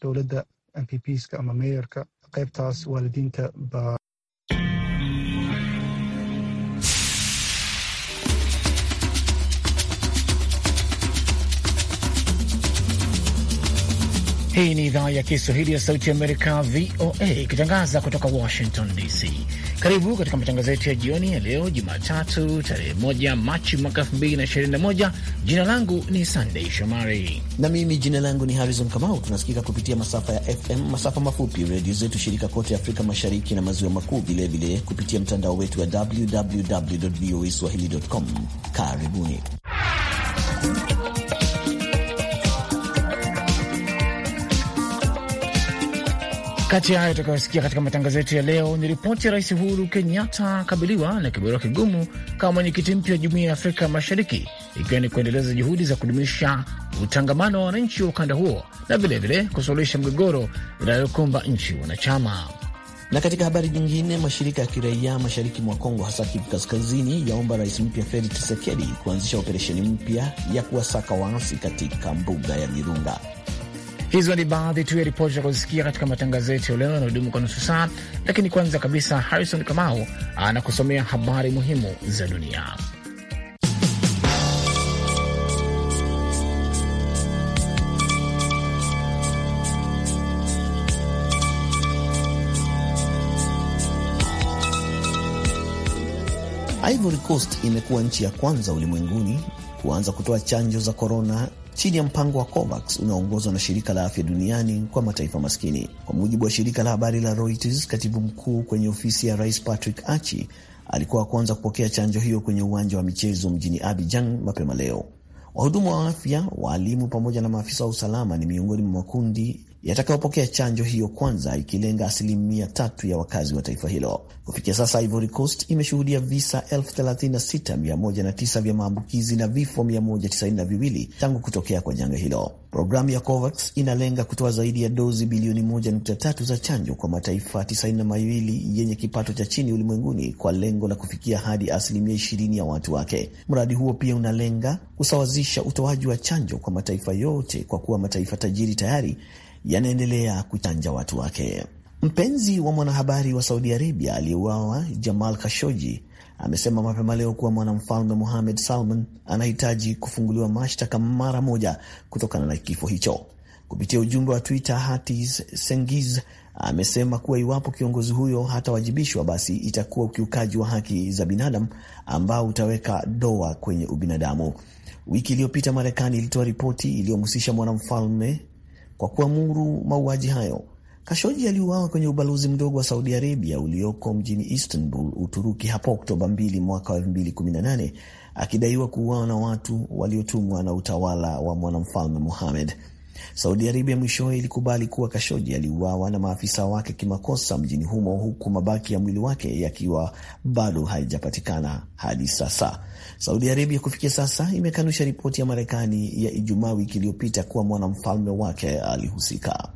dowladda mppska ama meyorka qaybtaas waalidiinta baa Hii ni idhaa ya Kiswahili ya Sauti ya Amerika, VOA, ikitangaza kutoka Washington DC. Karibu katika matangazo yetu ya jioni ya leo Jumatatu, tarehe 1 Machi mwaka 2021. Jina langu ni Sandei Shomari na mimi jina langu ni Harrison Kamau. Tunasikika kupitia masafa ya FM, masafa mafupi, redio zetu shirika kote Afrika Mashariki na Maziwa Makuu, vilevile kupitia mtandao wetu wa www voa swahili.com. Karibuni Kati ya hayo utakayosikia katika matangazo yetu ya leo ni ripoti ya Rais Uhuru Kenyatta kabiliwa na kibarua kigumu kama mwenyekiti mpya wa Jumuiya ya Afrika Mashariki, ikiwa ni kuendeleza juhudi za kudumisha utangamano wa wananchi wa ukanda huo na vilevile kusuluhisha mgogoro inayokumba nchi wanachama. Na katika habari nyingine, mashirika ya kiraia mashariki mwa Kongo, hasa Kivu Kaskazini, yaomba rais mpya Felix Tshisekedi kuanzisha operesheni mpya ya kuwasaka waasi katika mbuga ya Virunga. Hizo ni baadhi tu ya ripoti za kusikia katika matangazo yetu ya leo yanayodumu kwa nusu saa, lakini kwanza kabisa, Harrison Kamau anakusomea habari muhimu za dunia. Ivory Coast imekuwa nchi ya kwanza ulimwenguni kuanza kutoa chanjo za korona chini ya mpango wa COVAX unaoongozwa na shirika la afya duniani kwa mataifa maskini. Kwa mujibu wa shirika la habari la Reuters, katibu mkuu kwenye ofisi ya rais Patrick Achi alikuwa wa kwanza kupokea chanjo hiyo kwenye uwanja wa michezo mjini Abidjan mapema leo. Wahudumu wa afya, waalimu pamoja na maafisa wa usalama ni miongoni mwa makundi yatakayopokea chanjo hiyo kwanza, ikilenga asilimia tatu ya wakazi wa taifa hilo. Kufikia sasa, Ivory Coast imeshuhudia visa 36109 vya maambukizi na vifo 192 tangu kutokea kwa janga hilo. Programu ya COVAX inalenga kutoa zaidi ya dozi bilioni 1.3 za chanjo kwa mataifa 92 yenye kipato cha chini ulimwenguni kwa lengo la kufikia hadi asilimia 20 ya watu wake. Mradi huo pia unalenga kusawazisha utoaji wa chanjo kwa mataifa yote, kwa kuwa mataifa tajiri tayari yanaendelea kuchanja watu wake. Mpenzi wa mwanahabari wa Saudi Arabia aliyeuawa Jamal Khashoggi amesema mapema leo kuwa mwanamfalme Mohamed Salman anahitaji kufunguliwa mashtaka mara moja kutokana na kifo hicho. Kupitia ujumbe wa Twitter, Hatis Sengiz amesema kuwa iwapo kiongozi huyo hatawajibishwa, basi itakuwa ukiukaji wa haki za binadamu ambao utaweka doa kwenye ubinadamu. Wiki iliyopita Marekani ilitoa ripoti iliyomhusisha mwanamfalme kwa kuamuru mauaji hayo. Kashoji aliuawa kwenye ubalozi mdogo wa Saudi Arabia ulioko mjini Istanbul, Uturuki, hapo Oktoba 2 mwaka wa 2018 akidaiwa kuuawa na watu waliotumwa na utawala wa mwanamfalme Mohamed. Saudi Arabia mwishowe ilikubali kuwa Kashoji aliuawa na maafisa wake kimakosa mjini humo, huku mabaki ya mwili wake yakiwa bado haijapatikana hadi sasa. Saudi Arabia kufikia sasa imekanusha ripoti ya Marekani ya Ijumaa wiki iliyopita kuwa mwanamfalme wake alihusika.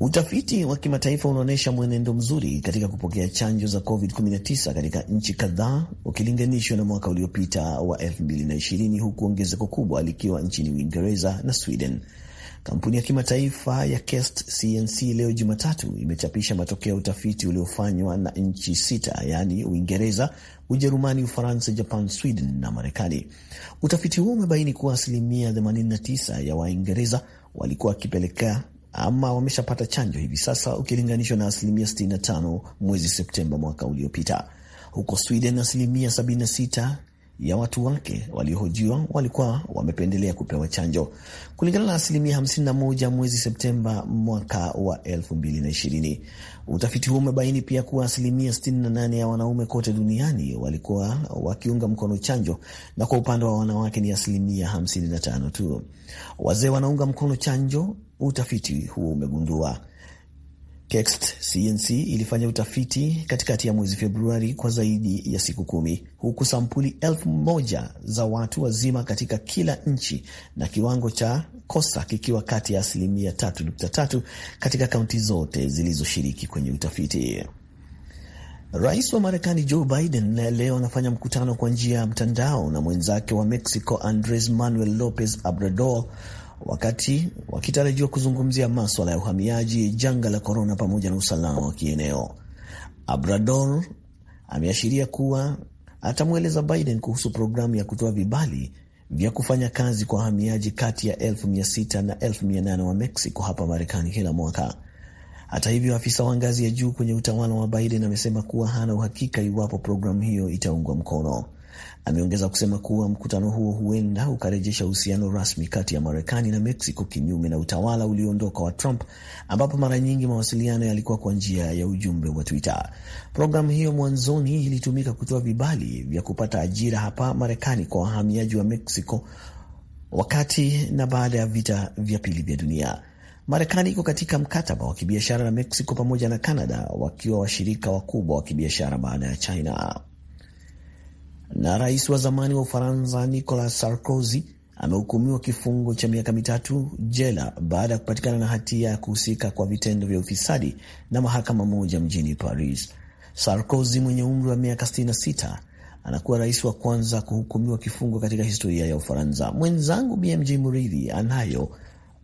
Utafiti wa kimataifa unaonyesha mwenendo mzuri katika kupokea chanjo za COVID-19 katika nchi kadhaa ukilinganishwa na mwaka uliopita wa 2020 huku ongezeko kubwa likiwa nchini Uingereza na Sweden. Kampuni ya kimataifa ya Quest CNC leo Jumatatu imechapisha matokeo ya utafiti uliofanywa na nchi sita, yaani Uingereza, Ujerumani, Ufaransa, Japan, Sweden na Marekani. Utafiti huo umebaini kuwa asilimia 89 ya Waingereza walikuwa wakipelekea ama wameshapata chanjo hivi sasa ukilinganishwa na asilimia 65 mwezi Septemba mwaka uliopita. Huko Sweden asilimia 76 ya watu wake waliohojiwa walikuwa wamependelea kupewa chanjo kulingana na asilimia 51 mwezi Septemba mwaka wa 2020. Utafiti huo umebaini pia kuwa asilimia 68 ya wanaume kote duniani walikuwa wakiunga mkono chanjo, na kwa upande wa wanawake ni asilimia 55 tu. Wazee wanaunga mkono chanjo, utafiti huo umegundua. KEXT CNC ilifanya utafiti katikati ya mwezi Februari kwa zaidi ya siku kumi huku sampuli elfu moja za watu wazima katika kila nchi na kiwango cha kosa kikiwa kati ya asilimia 3.3 katika kaunti zote zilizoshiriki kwenye utafiti. Rais wa Marekani Joe Biden leo anafanya mkutano kwa njia ya mtandao na mwenzake wa Mexico Andres Manuel Lopez Obrador wakati wakitarajiwa kuzungumzia maswala ya uhamiaji, janga la korona, pamoja na usalama wa kieneo. Obrador ameashiria kuwa atamweleza Biden kuhusu programu ya kutoa vibali vya kufanya kazi kwa wahamiaji kati ya elfu mia sita na elfu mia nane wa Mexico hapa Marekani kila mwaka. Hata hivyo, afisa wa ngazi ya juu kwenye utawala wa Biden amesema kuwa hana uhakika iwapo programu hiyo itaungwa mkono. Ameongeza kusema kuwa mkutano huo huenda ukarejesha uhusiano rasmi kati ya Marekani na Mexico, kinyume na utawala ulioondoka wa Trump, ambapo mara nyingi mawasiliano yalikuwa kwa njia ya ujumbe wa Twitter. Programu hiyo mwanzoni ilitumika kutoa vibali vya kupata ajira hapa Marekani kwa wahamiaji wa Mexico wakati na baada ya vita vya pili vya dunia. Marekani iko katika mkataba wa kibiashara na Mexico pamoja na Canada, wakiwa washirika wakubwa wa kibiashara baada ya China na rais wa zamani wa Ufaransa Nicolas Sarkozy amehukumiwa kifungo cha miaka mitatu jela baada ya kupatikana na hatia ya kuhusika kwa vitendo vya ufisadi na mahakama moja mjini Paris. Sarkozy mwenye umri wa miaka 66 anakuwa rais wa kwanza kuhukumiwa kifungo katika historia ya Ufaransa. Mwenzangu BMJ Muridhi anayo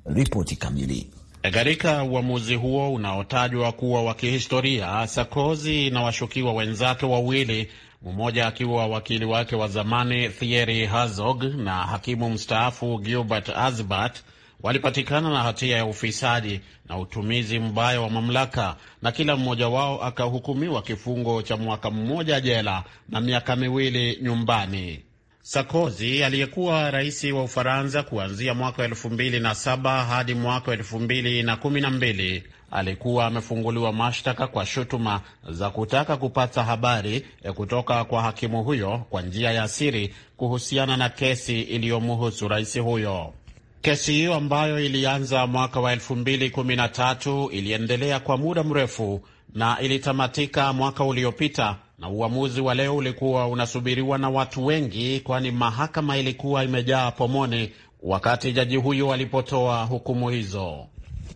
ripoti kamili. Katika uamuzi huo unaotajwa kuwa wa kihistoria, Sarkozy na washukiwa wenzake wawili mmoja akiwa wakili wake wa zamani Thierry Herzog na hakimu mstaafu Gilbert Azbart walipatikana na hatia ya ufisadi na utumizi mbaya wa mamlaka na kila mmoja wao akahukumiwa kifungo cha mwaka mmoja jela na miaka miwili nyumbani. Sarkozy aliyekuwa rais wa Ufaransa kuanzia mwaka elfu mbili na saba hadi mwaka elfu mbili na kumi na mbili alikuwa amefunguliwa mashtaka kwa shutuma za kutaka kupata habari e, kutoka kwa hakimu huyo kwa njia ya siri kuhusiana na kesi iliyomuhusu rais huyo. Kesi hiyo ambayo ilianza mwaka wa 2013 iliendelea kwa muda mrefu na ilitamatika mwaka uliopita, na uamuzi wa leo ulikuwa unasubiriwa na watu wengi, kwani mahakama ilikuwa imejaa pomoni wakati jaji huyo alipotoa hukumu hizo.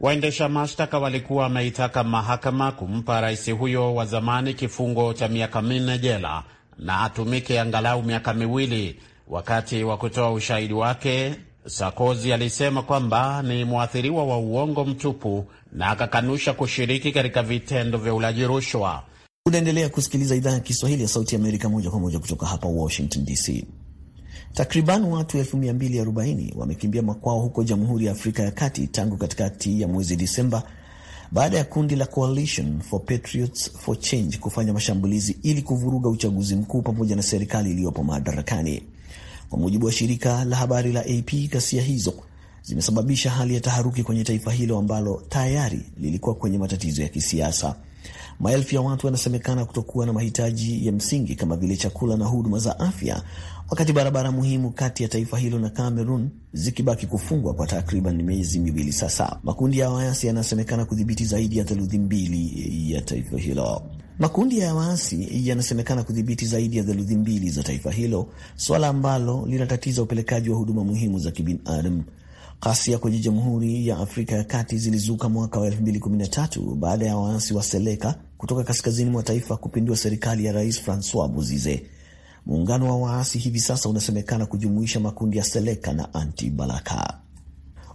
Waendesha mashtaka walikuwa wameitaka mahakama kumpa rais huyo wa zamani kifungo cha miaka minne jela na atumike angalau miaka miwili. Wakati wa kutoa ushahidi wake, Sarkozy alisema kwamba ni mwathiriwa wa uongo mtupu na akakanusha kushiriki katika vitendo vya ulaji rushwa. Unaendelea kusikiliza idhaa ya Kiswahili ya Sauti ya Amerika moja kwa moja kutoka hapa Washington DC. Takriban watu 240 wamekimbia makwao huko Jamhuri ya Afrika ya Kati tangu katikati ya mwezi Disemba baada ya kundi la Coalition for Patriots for Change kufanya mashambulizi ili kuvuruga uchaguzi mkuu pamoja na serikali iliyopo madarakani. Kwa mujibu wa shirika la habari la AP, ghasia hizo zimesababisha hali ya taharuki kwenye taifa hilo ambalo tayari lilikuwa kwenye matatizo ya kisiasa. Maelfu ya watu wanasemekana kutokuwa na mahitaji ya msingi kama vile chakula na huduma za afya, wakati barabara muhimu kati ya taifa hilo na Cameroon zikibaki kufungwa kwa takriban miezi miwili sasa. Makundi ya waasi yanasemekana kudhibiti zaidi ya theluthi mbili ya taifa hilo. Makundi ya waasi yanasemekana kudhibiti zaidi ya theluthi mbili za taifa hilo, swala ambalo linatatiza upelekaji wa huduma muhimu za kibinadamu. Ghasia kwenye Jamhuri ya Afrika ya Kati zilizuka mwaka wa 2013 baada ya waasi wa Seleka kutoka kaskazini mwa taifa kupindua serikali ya Rais Francois Bozize. Muungano wa waasi hivi sasa unasemekana kujumuisha makundi ya Seleka na Anti-Balaka.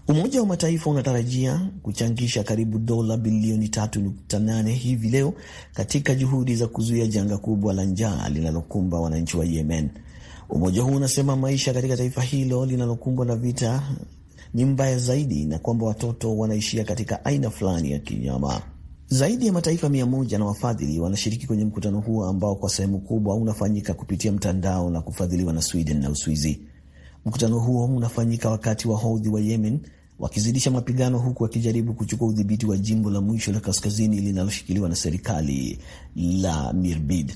Umoja wa Mataifa unatarajia kuchangisha karibu dola bilioni 3.8 hivi leo katika juhudi za kuzuia janga kubwa la njaa linalokumba wananchi wa Yemen. Umoja huu unasema maisha katika taifa hilo linalokumbwa na vita ni mbaya zaidi na kwamba watoto wanaishia katika aina fulani ya kinyama. Zaidi ya mataifa mia moja na wafadhili wanashiriki kwenye mkutano huo ambao kwa sehemu kubwa unafanyika kupitia mtandao na kufadhiliwa na Sweden na Uswizi. Mkutano huo unafanyika wakati wa Houthi wa Yemen wakizidisha mapigano huku wakijaribu kuchukua udhibiti wa jimbo la mwisho la kaskazini linaloshikiliwa na serikali la Mirbid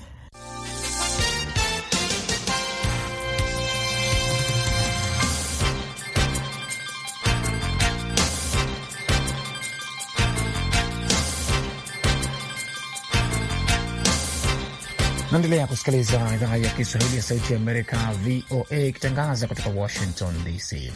Naendelea kusikiliza idhaa ya Kiswahili ya Sauti ya Amerika, VOA, ikitangaza kutoka Washington DC.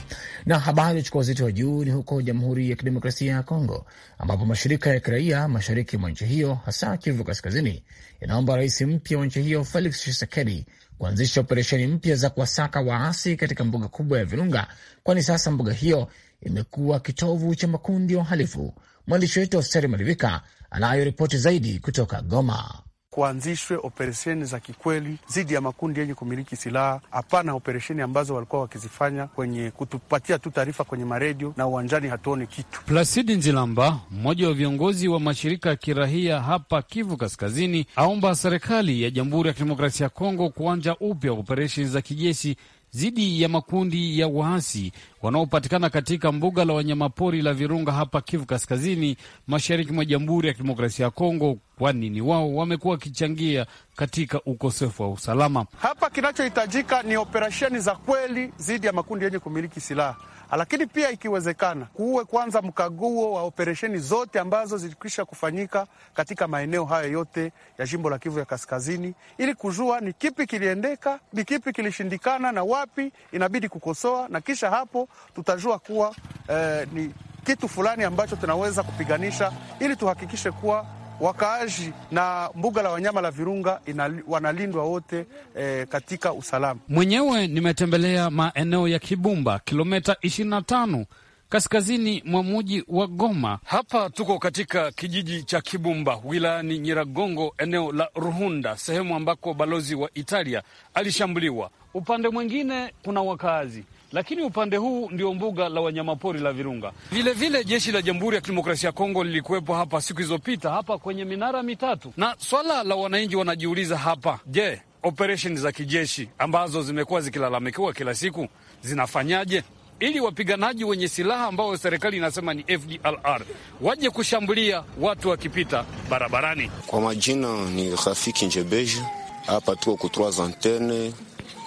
Na habari uchukua uzito wa juu ni huko Jamhuri ya Kidemokrasia ya Kongo, ambapo mashirika ya kiraia mashariki mwa nchi hiyo, hasa Kivu Kaskazini, yanaomba rais mpya wa nchi hiyo Felix Tshisekedi kuanzisha operesheni mpya za kuwasaka waasi katika mbuga kubwa ya Virunga, kwani sasa mbuga hiyo imekuwa kitovu cha makundi ya uhalifu. Mwandishi wetu Hosteri Malivika anayo ripoti zaidi kutoka Goma kuanzishwe operesheni za kikweli dhidi ya makundi yenye kumiliki silaha, hapana operesheni ambazo walikuwa wakizifanya kwenye kutupatia tu taarifa kwenye maredio na uwanjani, hatuone kitu. Plasidi Nzilamba, mmoja wa viongozi wa mashirika ya kirahia hapa Kivu Kaskazini, aomba serikali ya Jamhuri ya Kidemokrasia ya Kongo kuanja upya operesheni za kijeshi dhidi ya makundi ya waasi wanaopatikana katika mbuga la wanyamapori la Virunga hapa Kivu Kaskazini, mashariki mwa Jamhuri ya Kidemokrasia ya Kongo, kwani ni wao wamekuwa wakichangia katika ukosefu wa usalama hapa. Kinachohitajika ni operesheni za kweli dhidi ya makundi yenye kumiliki silaha lakini pia ikiwezekana kuwe kwanza mkaguo wa operesheni zote ambazo zilikwisha kufanyika katika maeneo hayo yote ya jimbo la Kivu ya Kaskazini, ili kujua ni kipi kiliendeka, ni kipi kilishindikana, na wapi inabidi kukosoa, na kisha hapo tutajua kuwa eh, ni kitu fulani ambacho tunaweza kupiganisha ili tuhakikishe kuwa wakaaji na mbuga la wanyama la Virunga inali, wanalindwa wote e, katika usalama. Mwenyewe nimetembelea maeneo ya Kibumba kilomita 25 kaskazini mwa muji wa Goma. Hapa tuko katika kijiji cha Kibumba wilayani Nyiragongo, eneo la Ruhunda, sehemu ambako balozi wa Italia alishambuliwa. Upande mwingine kuna wakaazi lakini upande huu ndio mbuga la wanyamapori la Virunga. Vilevile vile jeshi la Jamhuri ya Kidemokrasia ya Kongo lilikuwepo hapa siku ilizopita hapa kwenye minara mitatu, na swala la wananchi wanajiuliza hapa, je, operesheni za kijeshi ambazo zimekuwa zikilalamikiwa kila siku zinafanyaje ili wapiganaji wenye silaha ambao serikali inasema ni FDLR waje kushambulia watu wakipita barabarani. Kwa majina ni Rafiki Njebeji, hapa tuko ku antene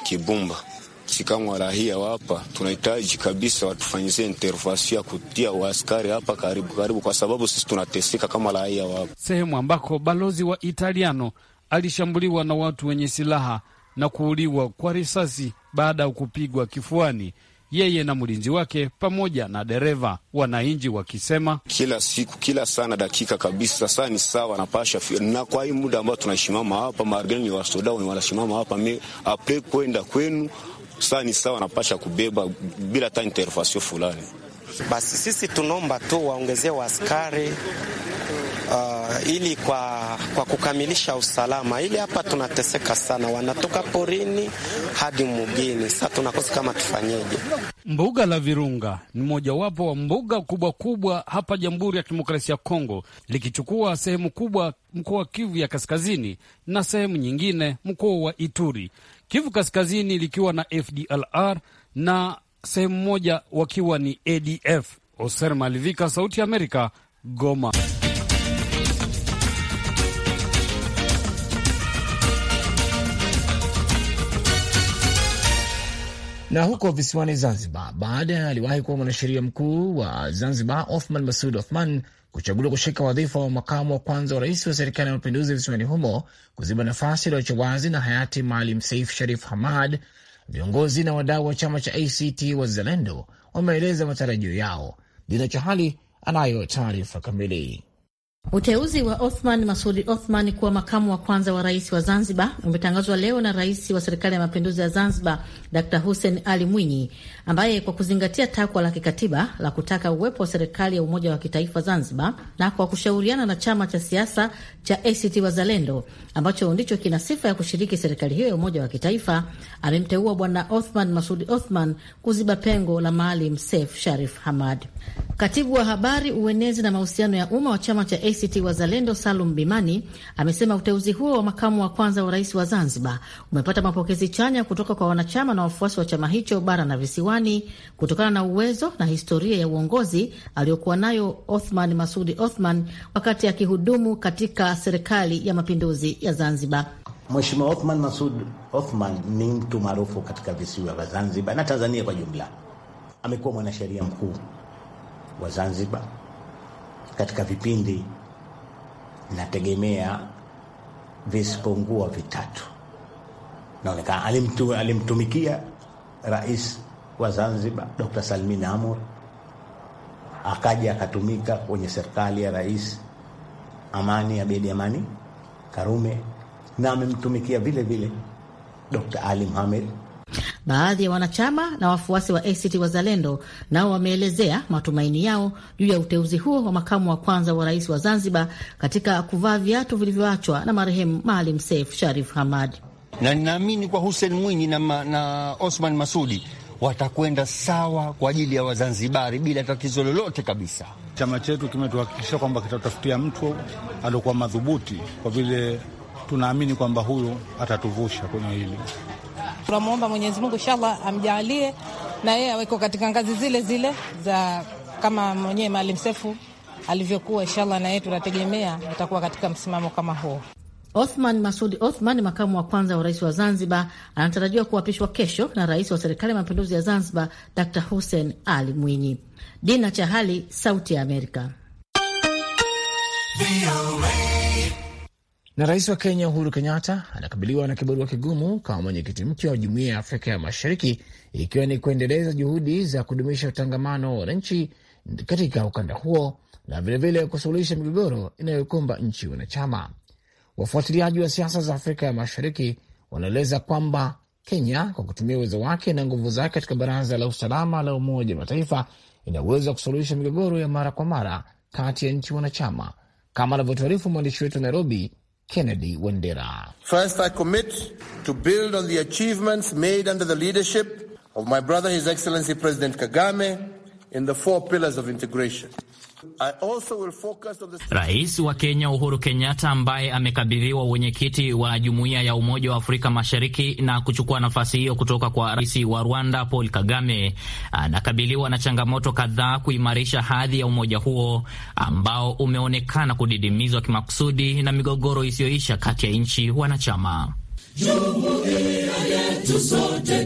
Kibumba sisi kama raia hapa tunahitaji kabisa watufanyizie intervasio ya kutia waaskari hapa karibu karibu, kwa sababu sisi tunateseka kama raia hapa. Sehemu ambako balozi wa Italiano alishambuliwa na watu wenye silaha na kuuliwa kwa risasi baada ya kupigwa kifuani yeye na mlinzi wake pamoja na dereva. Wananchi wakisema kila siku kila sana dakika kabisa, saa ni sawa napasha na kwa hii muda ambao tunashimama hapa, maargani ni wasoda wenye wanashimama hapa, apre kwenda kwenu saa ni sawa napasha kubeba bila hata interfasio fulani. Basi sisi tunaomba tu waongezee waaskari uh, ili kwa, kwa kukamilisha usalama, ili hapa tunateseka sana, wanatoka porini hadi mugini, sasa tunakosa kama tufanyeje. Mbuga la Virunga ni mojawapo wa mbuga kubwa kubwa hapa Jamhuri ya Kidemokrasia ya Kongo, likichukua sehemu kubwa mkoa wa Kivu ya Kaskazini na sehemu nyingine mkoa wa Ituri. Kivu Kaskazini likiwa na FDLR na sehemu moja wakiwa ni ADF. Oser Malivika, Sauti ya Amerika, Goma. Na huko visiwani Zanzibar, baada ya aliwahi kuwa mwanasheria mkuu wa Zanzibar Othman Masud Othman kuchaguliwa kushika wadhifa wa makamu wa kwanza wa rais wa serikali ya mapinduzi visiwani humo kuziba nafasi iliyoachwa wazi na hayati Maalim Seif Sharif Hamad. Viongozi na wadau wa chama cha ACT Wazalendo wameeleza matarajio yao. Dina Chahali anayo taarifa kamili. Uteuzi wa Othman Masudi Othman kuwa makamu wa kwanza wa rais wa Zanzibar umetangazwa leo na rais wa serikali ya mapinduzi ya Zanzibar Dr Hussein Ali Mwinyi, ambaye kwa kuzingatia takwa la kikatiba la kutaka uwepo wa serikali ya umoja wa kitaifa Zanzibar na kwa kushauriana na chama cha siasa cha ACT Wazalendo ambacho ndicho kina sifa ya kushiriki serikali hiyo ya umoja wa kitaifa, amemteua Bwana Othman Masudi Othman kuziba pengo la Maalim Seif Sharif Hamad. Katibu wa habari, uenezi na mahusiano ya umma wa chama cha ACT Wazalendo Salum Bimani amesema uteuzi huo wa makamu wa kwanza wa rais wa Zanzibar umepata mapokezi chanya kutoka kwa wanachama na wafuasi wa chama hicho bara na visiwani kutokana na uwezo na historia ya uongozi aliyokuwa nayo Othman Masudi Othman wakati akihudumu katika serikali ya mapinduzi ya Zanzibar. Mheshimiwa Othman Masud Othman ni mtu maarufu katika visiwa vya Zanzibar na Tanzania kwa jumla. Amekuwa mwanasheria mkuu wa Zanzibar katika vipindi nategemea visipungua vitatu. Naonekana alimtu, alimtumikia rais wa Zanzibar Dr. Salmin Amur, akaja akatumika kwenye serikali ya rais Amani Abedi Amani Karume, na amemtumikia vile vile Dr. Ali Mohamed Baadhi ya wanachama na wafuasi wa ACT Wazalendo nao wameelezea matumaini yao juu ya uteuzi huo wa makamu wa kwanza wa rais wa Zanzibar katika kuvaa viatu vilivyoachwa na marehemu Maalim Seif Sharif Hamad, na ninaamini kwa Hussein Mwinyi na, ma, na Osman Masudi watakwenda sawa kwa ajili ya Wazanzibari bila tatizo lolote kabisa. Chama chetu kimetuhakikisha kwamba kitatafutia mtu aliokuwa madhubuti, kwa vile tunaamini kwamba huyo atatuvusha kwenye hili Tunamwomba Mwenyezi Mungu inshallah amjaalie na yeye aweko katika ngazi zile zile za kama mwenyewe Maalim Sefu alivyokuwa. Inshallah na yeye tunategemea atakuwa katika msimamo kama huo. Othman Masudi Othman, makamu wa kwanza wa rais wa Zanzibar, anatarajiwa kuapishwa kesho na rais wa serikali ya mapinduzi ya Zanzibar, Dr Hussein Ali Mwinyi. Dina Chahali, Sauti ya Amerika. Na rais wa Kenya Uhuru Kenyatta anakabiliwa na kibarua kigumu kama mwenyekiti mpya wa Jumuiya ya Afrika ya Mashariki, ikiwa ni kuendeleza juhudi za kudumisha utangamano wa wananchi katika ukanda huo na vilevile kusuluhisha migogoro inayokumba nchi wanachama. Wafuatiliaji wa siasa za Afrika ya Mashariki wanaeleza kwamba Kenya kwa kutumia uwezo wake na nguvu zake katika Baraza la Usalama la Umoja wa Mataifa inaweza kusuluhisha migogoro ya mara kwa mara kati ya nchi wanachama, kama anavyotuarifu mwandishi wetu wa Nairobi Kennedy Wendera. First, I commit to build on the achievements made under the leadership of my brother, His Excellency President Kagame, in the four pillars of integration. Rais wa Kenya Uhuru Kenyatta ambaye amekabidhiwa uwenyekiti wa Jumuiya ya Umoja wa Afrika Mashariki na kuchukua nafasi hiyo kutoka kwa rais wa Rwanda Paul Kagame anakabiliwa na changamoto kadhaa kuimarisha hadhi ya umoja huo ambao umeonekana kudidimizwa kimakusudi na migogoro isiyoisha kati ya nchi wanachama. Jumuiya yetu sote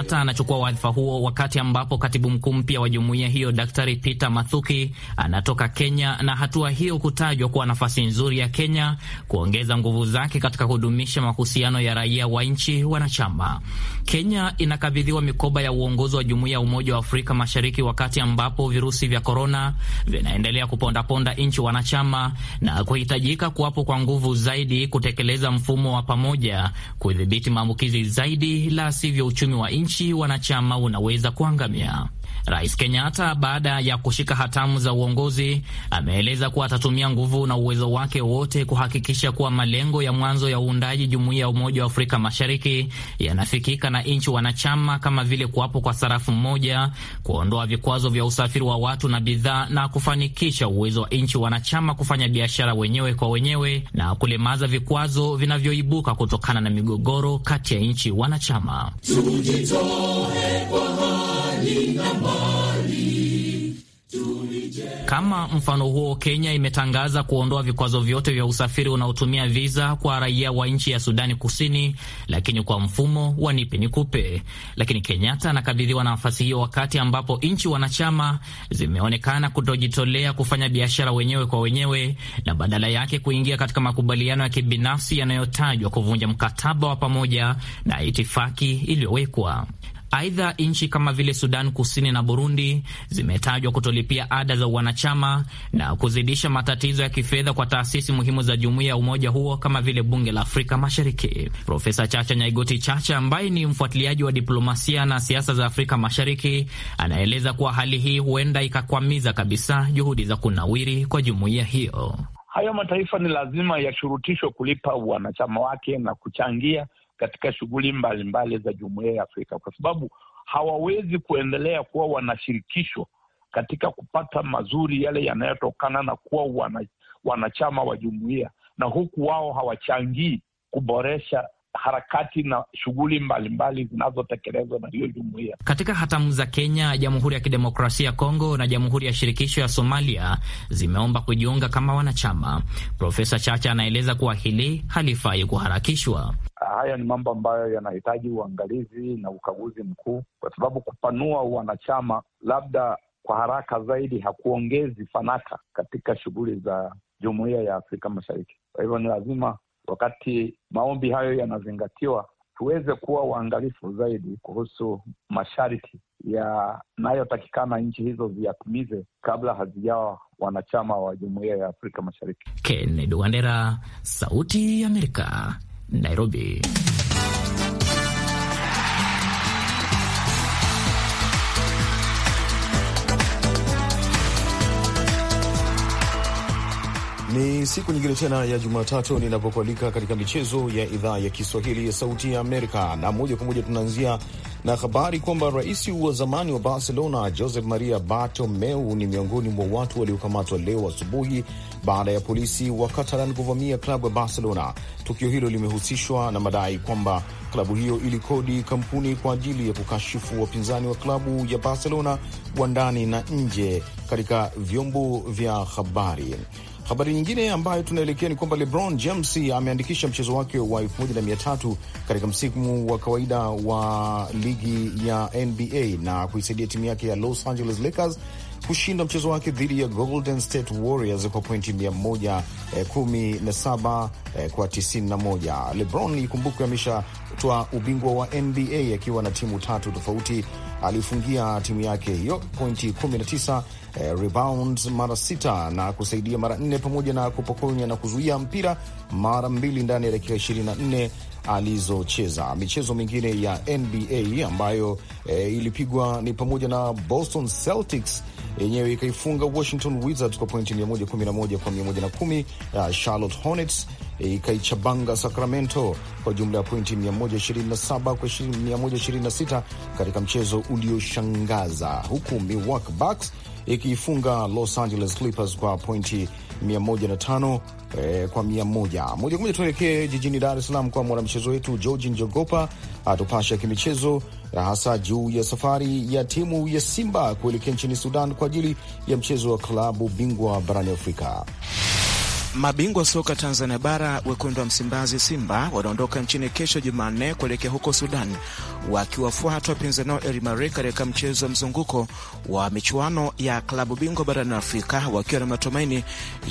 Kenyatta anachukua wadhifa huo wakati ambapo katibu mkuu mpya wa jumuiya hiyo Daktari Peter Mathuki anatoka Kenya, na hatua hiyo kutajwa kuwa nafasi nzuri ya Kenya kuongeza nguvu zake katika kudumisha mahusiano ya raia wa nchi wanachama. Kenya inakabidhiwa mikoba ya uongozi wa jumuiya ya Umoja wa Afrika Mashariki wakati ambapo virusi vya korona vinaendelea kupondaponda nchi wanachama na kuhitajika kuwapo kwa nguvu zaidi kutekeleza mfumo wa pamoja kudhibiti maambukizi zaidi, la sivyo uchumi wa nchi nchi wanachama unaweza kuangamia. Rais Kenyatta baada ya kushika hatamu za uongozi ameeleza kuwa atatumia nguvu na uwezo wake wote kuhakikisha kuwa malengo ya mwanzo ya uundaji jumuiya ya Umoja wa Afrika Mashariki yanafikika na nchi wanachama kama vile kuwapo kwa sarafu moja, kuondoa vikwazo vya usafiri wa watu na bidhaa, na kufanikisha uwezo wa nchi wanachama kufanya biashara wenyewe kwa wenyewe na kulemaza vikwazo vinavyoibuka kutokana na migogoro kati ya nchi wanachama. Tujitohe kwa kama mfano huo, Kenya imetangaza kuondoa vikwazo vyote vya usafiri unaotumia viza kwa raia wa nchi ya Sudani Kusini, lakini kwa mfumo wa nipe nikupe. Lakini Kenyatta anakabidhiwa nafasi hiyo wakati ambapo nchi wanachama zimeonekana kutojitolea kufanya biashara wenyewe kwa wenyewe na badala yake kuingia katika makubaliano ya kibinafsi yanayotajwa kuvunja mkataba wa pamoja na itifaki iliyowekwa. Aidha, nchi kama vile Sudan Kusini na Burundi zimetajwa kutolipia ada za wanachama na kuzidisha matatizo ya kifedha kwa taasisi muhimu za jumuiya ya umoja huo kama vile bunge la Afrika Mashariki. Profesa Chacha Nyaigoti Chacha ambaye ni mfuatiliaji wa diplomasia na siasa za Afrika Mashariki anaeleza kuwa hali hii huenda ikakwamiza kabisa juhudi za kunawiri kwa jumuiya hiyo. Hayo mataifa ni lazima yashurutishwe kulipa wanachama wake na kuchangia katika shughuli mbalimbali za jumuiya ya Afrika, kwa sababu hawawezi kuendelea kuwa wanashirikishwa katika kupata mazuri yale yanayotokana na kuwa wana, wanachama wa jumuiya na huku wao hawachangii kuboresha harakati na shughuli mbalimbali zinazotekelezwa na hiyo jumuiya. Katika hatamu za Kenya, Jamhuri ya Kidemokrasia ya Kongo na Jamhuri ya Shirikisho ya Somalia zimeomba kujiunga kama wanachama. Profesa Chacha anaeleza kuwa hili halifai kuharakishwa. Haya ni mambo ambayo yanahitaji uangalizi na ukaguzi mkuu, kwa sababu kupanua wanachama labda kwa haraka zaidi hakuongezi fanaka katika shughuli za jumuiya ya Afrika Mashariki. Kwa hivyo ni lazima wakati maombi hayo yanazingatiwa, tuweze kuwa waangalifu zaidi kuhusu masharti yanayotakikana nchi hizo ziyatimize kabla hazijawa wanachama wa jumuiya ya Afrika Mashariki. Kennedy Wandera, Sauti ya Amerika, Nairobi. Ni siku nyingine tena ya Jumatatu ninapokualika katika michezo ya idhaa ya Kiswahili ya Sauti ya Amerika, na moja kwa moja tunaanzia na habari kwamba rais wa zamani wa Barcelona Josep Maria Bartomeu ni miongoni mwa watu waliokamatwa leo asubuhi baada ya polisi wa Catalan kuvamia klabu ya Barcelona. Tukio hilo limehusishwa na madai kwamba klabu hiyo ilikodi kampuni kwa ajili ya kukashifu wapinzani wa klabu ya Barcelona wa ndani na nje katika vyombo vya habari. Habari nyingine ambayo tunaelekea ni kwamba LeBron James ameandikisha mchezo wake wa 13 katika msimu wa kawaida wa ligi ya NBA na kuisaidia timu yake ya Los Angeles Lakers kushinda mchezo wake dhidi ya Golden State Warriors kwa pointi 117 eh, eh, kwa 91. LeBron ikumbukwe, ameshatwa ubingwa wa NBA akiwa na timu tatu tofauti. Alifungia timu yake hiyo pointi 19 eh, rebounds mara sita na kusaidia mara nne pamoja na kupokonya na kuzuia mpira mara mbili ndani ya dakika 24 alizocheza. Michezo mingine ya NBA ambayo eh, ilipigwa ni pamoja na Boston Celtics yenyewe ikaifunga Washington Wizards kwa pointi 111 kwa 110. Uh, ah, Charlotte Hornets eh, ikaichabanga Sacramento kwa jumla ya pointi 127 kwa 126 katika mchezo ulioshangaza, huku Milwaukee Bucks ikiifunga Los Angeles Clippers kwa pointi 105 eh, kwa 100. Moja kwa moja tuelekee jijini Dar es Salaam kwa mwanamchezo wetu Georgi Njogopa atupasha kimichezo eh, hasa juu ya safari ya timu ya Simba kuelekea nchini Sudan kwa ajili ya mchezo wa klabu bingwa barani Afrika. Mabingwa soka Tanzania bara wekundu wa Msimbazi Simba wanaondoka nchini kesho Jumanne kuelekea huko Sudan, wakiwafuata wapinzani wao El katika mchezo wa mzunguko wa michuano ya klabu bingwa barani Afrika, wakiwa na matumaini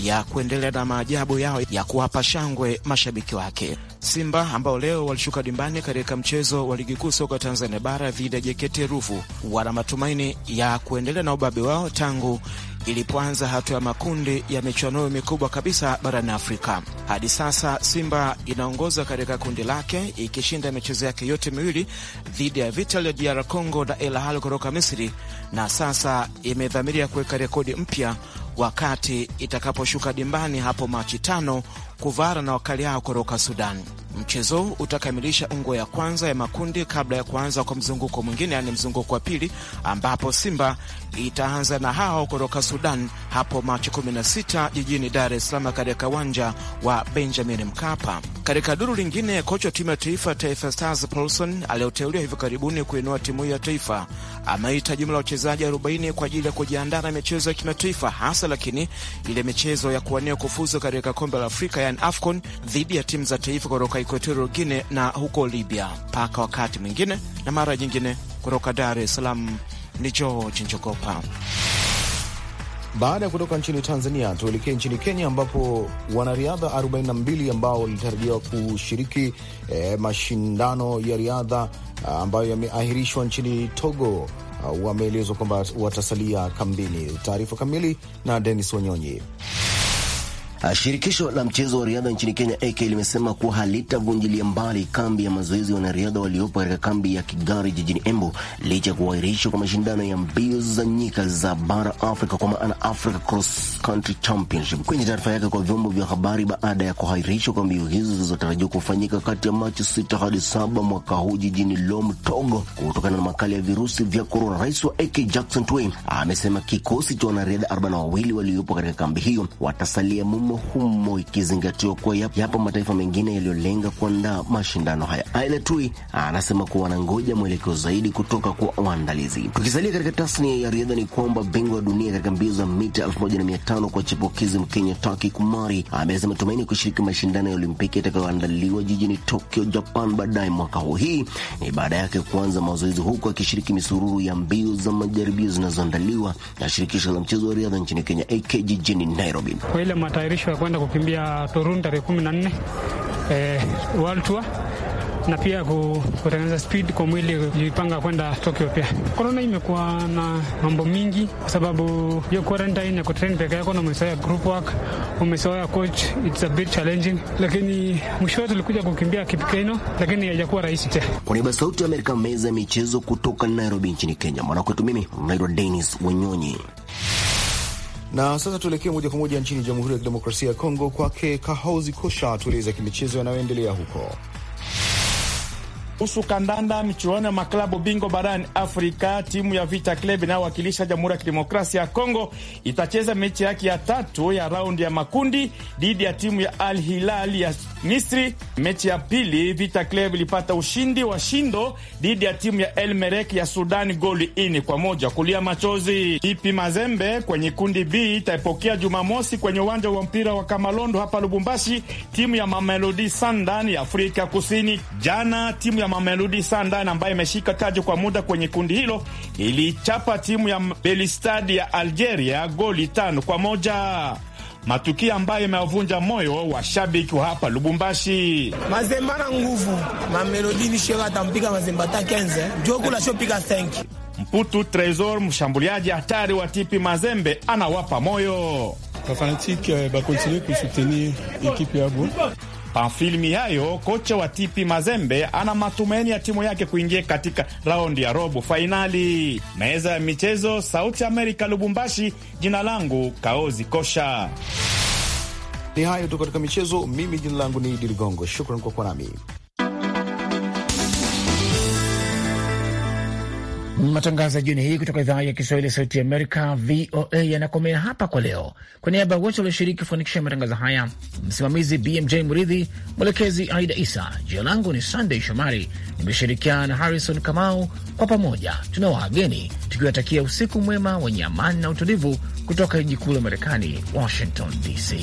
ya kuendelea na maajabu yao ya kuwapa shangwe mashabiki wake. Simba ambao leo walishuka dimbani katika mchezo wa ligi kuu soka Tanzania bara dhidi ya JKT Ruvu wana matumaini ya kuendelea na ubabe wao tangu ilipoanza hatua ya makundi ya michuano mikubwa kabisa barani Afrika. Hadi sasa Simba inaongoza katika kundi lake ikishinda michezo yake yote miwili dhidi ya Vital ya DR Congo na El Ahly kutoka Misri, na sasa imedhamiria kuweka rekodi mpya wakati itakaposhuka dimbani hapo Machi tano kuvaara na wakali hao kutoka sudani Mchezo utakamilisha ungo ya kwanza ya makundi kabla ya kuanza kwa mzunguko mwingine, yaani mzunguko wa pili, ambapo Simba itaanza na hao kutoka Sudan hapo Machi 16 jijini Dar es Salaam katika uwanja wa Benjamin Mkapa. Katika duru lingine, kocha wa timu ya taifa Taifa Stars Paulson aliyoteuliwa hivi karibuni kuinua timu hiyo ya taifa ameita jumla ya wachezaji 40 kwa ajili ya kujiandaa na michezo ya kimataifa, hasa lakini ile michezo ya kuwania kufuzu katika kombe la Afrika, yani AFCON dhidi ya timu za taifa kutoka Equatorial Guinea na huko Libya. Mpaka wakati mwingine na mara nyingine, kutoka Dar es Salaam ni George Njogopa. Baada ya kutoka nchini Tanzania, tuelekee nchini Kenya ambapo wanariadha 42 ambao walitarajiwa kushiriki eh, mashindano ya riadha ah, ambayo yameahirishwa nchini Togo ah, wameelezwa kwamba watasalia kambini. Taarifa kamili na Denis Wanyonyi. Ah, shirikisho la mchezo wa riadha nchini Kenya AK limesema kuwa halitavunjilia mbali kambi ya mazoezi wanariadha waliopo katika kambi ya Kigari jijini Embu licha ya kuahirishwa kwa mashindano ya mbio za nyika za bara Afrika kwa maana Africa Cross Country Championship. Kwenye taarifa yake kwa vyombo vya habari baada ya kuahirishwa kwa mbio hizo zilizotarajiwa kufanyika kati ya Machi sita hadi saba mwaka huu jijini Lomtogo kutokana na makali ya virusi vya korona, rais wa AK Jackson Twain amesema kikosi cha wanariadha 42 waliopo katika kambi hiyo watasalia mumu humo humo, ikizingatiwa kuwa yapo mataifa mengine yaliyolenga kuandaa mashindano haya. Tui anasema kuwa wanangoja mwelekeo zaidi kutoka kwa waandalizi. Tukisalia katika tasnia ya riadha, ni kwamba bingwa wa dunia katika mbio za mita 1500 kwa chipukizi Mkenya Taki Kumari amesema tumaini kushiriki mashindano ya Olimpiki yatakayoandaliwa jijini Tokyo, Japan baadaye mwaka huu. Hii ni baada yake kuanza mazoezi huku akishiriki misururu ya mbio za majaribio zinazoandaliwa na shirikisho la mchezo wa riadha nchini Kenya AK jijini Nairobi. Kwa ile matayarisho ya kwenda kukimbia Torun tarehe kumi na nne eh, World Tour na pia kutengeneza speed kwa mwili kujipanga kwenda Tokyo. Pia korona imekuwa na mambo mingi, kwa sababu hiyo quarantine ya kutrain peke yako na umesoea group work, umesoea coach, it's a bit challenging, lakini mwishowe tulikuja kukimbia Kipkeino, lakini haijakuwa rahisi. tena. kwa niaba Sauti ya Amerika, meza ya michezo kutoka Nairobi nchini Kenya, mwanakwetu mimi naitwa Dennis Wenyonyi. Na sasa tuelekee moja kwa moja nchini Jamhuri ya Kidemokrasia ya Kongo, kwake Kahozi Kosha tueleza kimichezo yanayoendelea huko kuhusu kandanda, michuano ya maklabu bingwa barani Afrika, timu ya Vita Club inayowakilisha Jamhuri ya Kidemokrasia ya Kongo itacheza mechi yake ya tatu ya raundi ya makundi dhidi ya timu ya Al Hilal ya Misri. Mechi ya pili, Vita Club ilipata ushindi wa shindo dhidi ya timu ya El Merek ya Sudani goli ini kwa moja. Kulia machozi ipi Mazembe kwenye kundi B itaipokea Jumamosi kwenye uwanja wa mpira wa Kamalondo hapa Lubumbashi timu ya Mamelodi Sundowns ya Afrika Kusini. Jana timu ya Mamelodi Sundowns ambayo imeshika taji kwa muda kwenye kundi hilo ilichapa timu ya Belistad ya Algeria goli tano kwa moja matukio ambayo imewavunja moyo washabiki wa hapa Lubumbashi. Mazemba na nguvu Mamelodi ni shera atampiga Mazemba ta 15 joku la shopiga 5. Mputu Tresor, mshambuliaji hatari wa Tipi Mazembe, anawapa moyo bafanatike bakontinue kusutenir ekipe yabo kwa filmi hayo, kocha wa TP Mazembe ana matumaini ya timu yake kuingia katika raundi ya robo fainali. Meza ya michezo, Sauti Amerika, Lubumbashi. Jina langu Kaozi Kosha. Ni hayo tu katika michezo. Mimi jina langu ni Idi Ligongo, shukran kwa kuwa nami. Matangazo ya jioni hii kutoka idhaa ya Kiswahili ya Sauti ya Amerika, VOA, yanakomea hapa kwa leo. Kwa niaba ya wote walioshiriki kufanikisha matangazo haya, msimamizi BMJ Muridhi, mwelekezi Aida Isa, jina langu ni Sandey Shomari, nimeshirikiana na Harrison Kamau. Kwa pamoja tuna wageni tukiwatakia usiku mwema wenye amani na utulivu, kutoka jiji kuu la Marekani, Washington DC.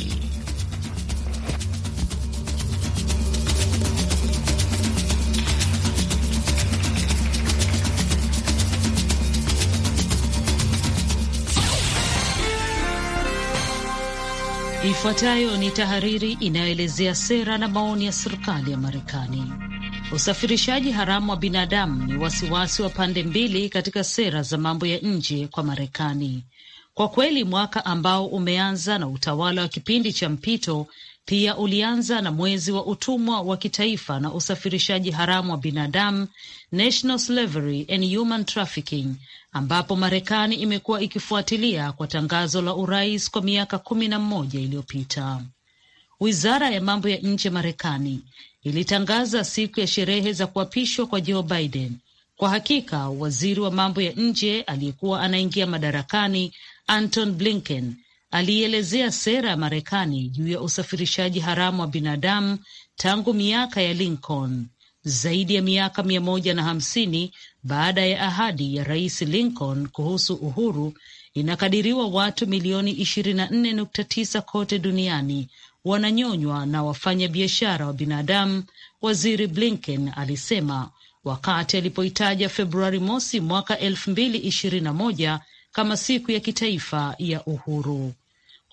Ifuatayo ni tahariri inayoelezea sera na maoni ya serikali ya Marekani. Usafirishaji haramu wa binadamu ni wasiwasi wa pande mbili katika sera za mambo ya nje kwa Marekani. Kwa kweli, mwaka ambao umeanza na utawala wa kipindi cha mpito pia ulianza na mwezi wa utumwa wa kitaifa na usafirishaji haramu wa binadamu, National Slavery and Human Trafficking, ambapo Marekani imekuwa ikifuatilia kwa tangazo la urais kwa miaka kumi na mmoja iliyopita. Wizara ya mambo ya nje Marekani ilitangaza siku ya sherehe za kuapishwa kwa Joe Biden. Kwa hakika, waziri wa mambo ya nje aliyekuwa anaingia madarakani Anton Blinken aliielezea sera ya Marekani juu ya usafirishaji haramu wa binadamu tangu miaka ya Lincoln, zaidi ya miaka mia moja na hamsini baada ya ahadi ya Rais Lincoln kuhusu uhuru. Inakadiriwa watu milioni 24.9 kote duniani wananyonywa na wafanya biashara wa binadamu, Waziri Blinken alisema wakati alipoitaja Februari mosi mwaka 2021 kama siku ya kitaifa ya uhuru.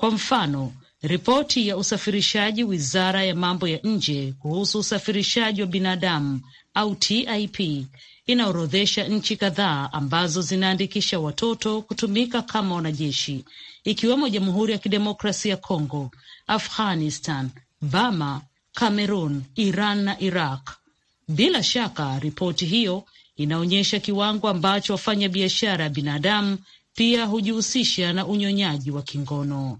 Kwa mfano, ripoti ya usafirishaji Wizara ya Mambo ya Nje kuhusu usafirishaji wa binadamu au TIP inaorodhesha nchi kadhaa ambazo zinaandikisha watoto kutumika kama wanajeshi ikiwemo Jamhuri ya Kidemokrasia ya Kongo, Afghanistan, Bama, Cameroon, Iran na Iraq. Bila shaka ripoti hiyo inaonyesha kiwango ambacho wafanya biashara ya binadamu pia hujihusisha na unyonyaji wa kingono.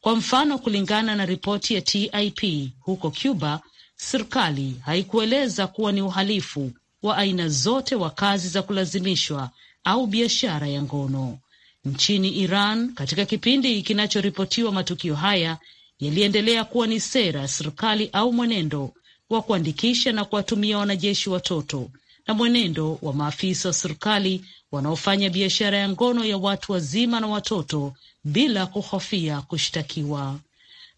Kwa mfano, kulingana na ripoti ya TIP huko Cuba, serikali haikueleza kuwa ni uhalifu wa aina zote wa kazi za kulazimishwa au biashara ya ngono. Nchini Iran, katika kipindi kinachoripotiwa, matukio haya yaliendelea kuwa ni sera ya serikali au mwenendo wa kuandikisha na kuwatumia wanajeshi watoto na mwenendo wa maafisa wa serikali wanaofanya biashara ya ngono ya watu wazima na watoto bila kuhofia kushtakiwa.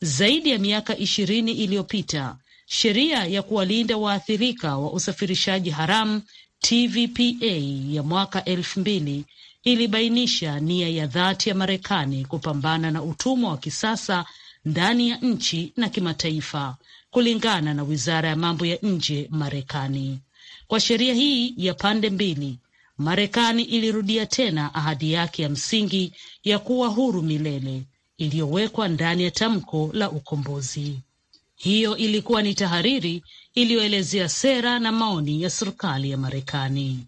Zaidi ya miaka ishirini iliyopita, sheria ya kuwalinda waathirika wa usafirishaji haramu TVPA ya mwaka elfu mbili ilibainisha nia ya dhati ya Marekani kupambana na utumwa wa kisasa ndani ya nchi na kimataifa, kulingana na wizara ya mambo ya nje Marekani. Kwa sheria hii ya pande mbili Marekani ilirudia tena ahadi yake ya msingi ya kuwa huru milele iliyowekwa ndani ya tamko la ukombozi. Hiyo ilikuwa ni tahariri iliyoelezea sera na maoni ya serikali ya Marekani.